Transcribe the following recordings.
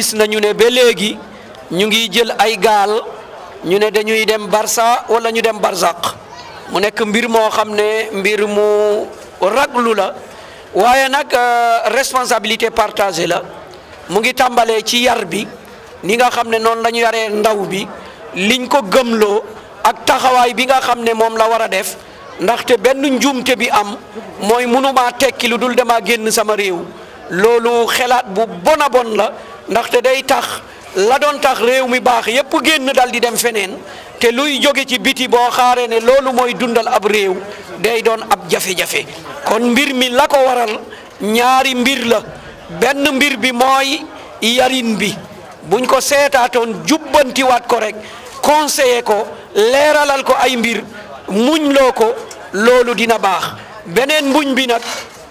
gis nañu ne ba léegi ñu ngi jël ay gaal ñu ne dañuy dem Barça wala ñu dem Barzaq mu nekk mbir moo xam ne mbir mu raglu la waaye nag euh, responsabilité partagée la mu ngi tàmbalee ci yar bi ni nga xam ne noonu lañu ñu ndaw bi liñ ko gëmloo ak taxawaay bi nga xam ne moom la war a def ndaxte benn njuumte bi am mooy mënuma tekki lu dul damaa génn sama réew loolu xelaat bu bon bon la ndaxte day tax la doon tax réew mi baax yépp génn dal di dem feneen te luy joge ci biti boo xaaree ne loolu mooy dundal ab réew day doon ab jafe-jafe kon mbir mi la ko waral ñaari mbir la benn mbir bi mooy yarin bi buñ ko seetaatoon jubbantiwaat ko rek conseiller ko leeralal ko ay mbir muñ loo ko loolu dina baax beneen mbuñ bi nag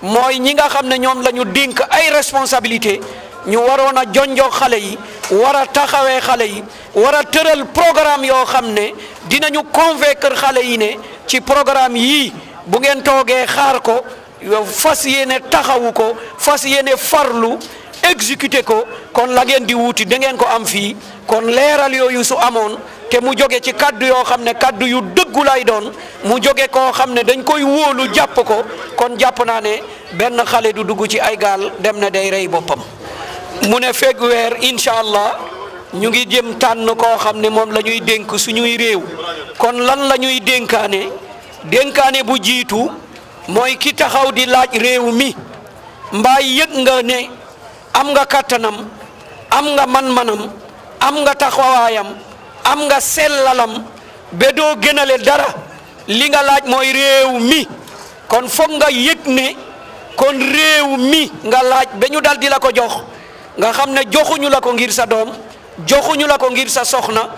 mooy ñi nga xam ne ñoom lañu dink ay responsabilité ñu waroon a jonjoo xale yi war a taxawee xale yi war a tëral programme yoo xam ne dinañu convaincre xale yi ne ci programme yi bu ngeen toogee xaar ko fas yéene taxawu ko fas yéene farlu exécuté ko kon la ngeen di wuti da ngeen ko am fii kon leeral yooyu su amoon te mu jóge ci kaddu yoo xam ne kaddu yu dëggu lay doon mu jóge koo xam ne dañ koy wóolu jàpp ko kon jàpp naa ne benn xale du dugg ci ay gaal dem na day rey boppam mu ne fekk weer incha allah ñu ngi jëm tànn koo xam ne moom la ñuy dénk suñuy réew kon lan la ñuy dénkaane dénkaane bu jiitu mooy ki taxaw di laaj réew mi mbaa yëg nga ne am nga kattanam am nga man-manam am nga taxawaayam am nga sellalam be doo gënale dara li nga laaj mooy réew mi kon foog nga yëg ne kon réew mi nga laaj ba ñu dal di la ko jox nga xam ne joxuñu la ko ngir sa dom joxuñu la ko ngir sa soxna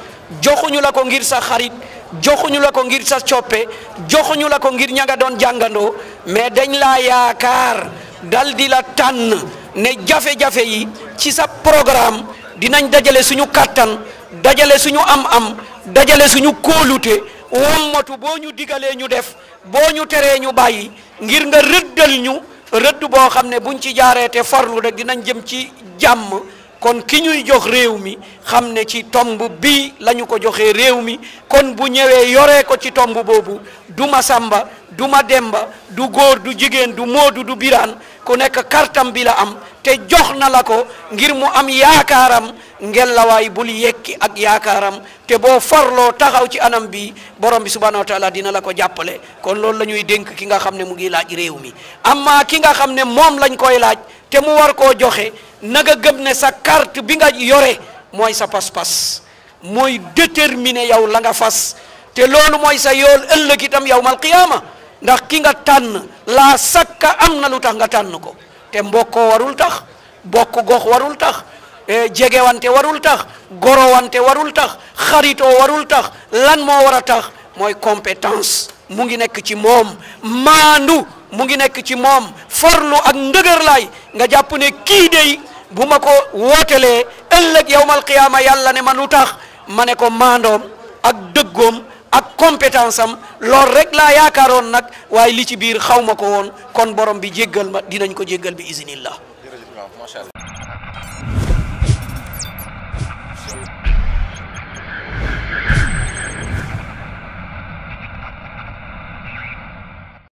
joxuñu la ko ngir sa xarit joxuñu la ko ngir sa coppe joxuñu la ko ngir ña nga doon mais dañ dal di la tan, ne jafe jafei, yi ci sa programme dinañ dajale suñu kàttan dajale suñu am-am dajale suñu kóolute wommatu boo ñu digalee ñu def bonyu terenyu bayi, ñu bàyyi ngir nga rëddal ñu rëdd boo xam ne buñ ci jaaree te farlu rek dinañ jëm ci jàmm kon ki ñuy jox réew mi xam ne ci tomb bii lañu ko joxee réew mi kon bu ñëwee yoree ko ci tomb boobu du ma samba du ma demba du góor du jigéen du moodu du biraan ku nekk kartam bi la am te jox na la ko ngir mu am yaakaaram ngellawaay bul yekki ak yaakaaram te boo farloo taxaw ci anam bi borom bi subhana wa taala dina la ko jàppale kon loolu la ñuy dénk ki nga xam ne mu ngi laaj réew mi amma ki nga xam ne moom lañ koy laaj te mu war koo joxe na nga gëm ne sa carte bi nga yore moy sa pas-pas determine déterminer yow la nga fas te loolu mooy sa yool ëllëg itam yow mal qiyaama ndax ki nga tan la sakka am na lu tax nga tànn ko te mbokkoo warul tax bokk gox warul tax e jegewante warul tax gorowante warul tax warul tax lan mo waratah, a tax mooy compétence mu ngi nekk ci moom maandu mu ngi ci forlu ak nga ne bu ma ko wootelee ëllëg yawmal qiyaama yàlla ne man lu tax ma ne ko maandoom ak dëggoom ak compétence am loolu rek laa yaakaaroon nag waaye li ci biir xaw ma ko woon kon borom bi jéggal ma dinañ ko jéggal bi iznillah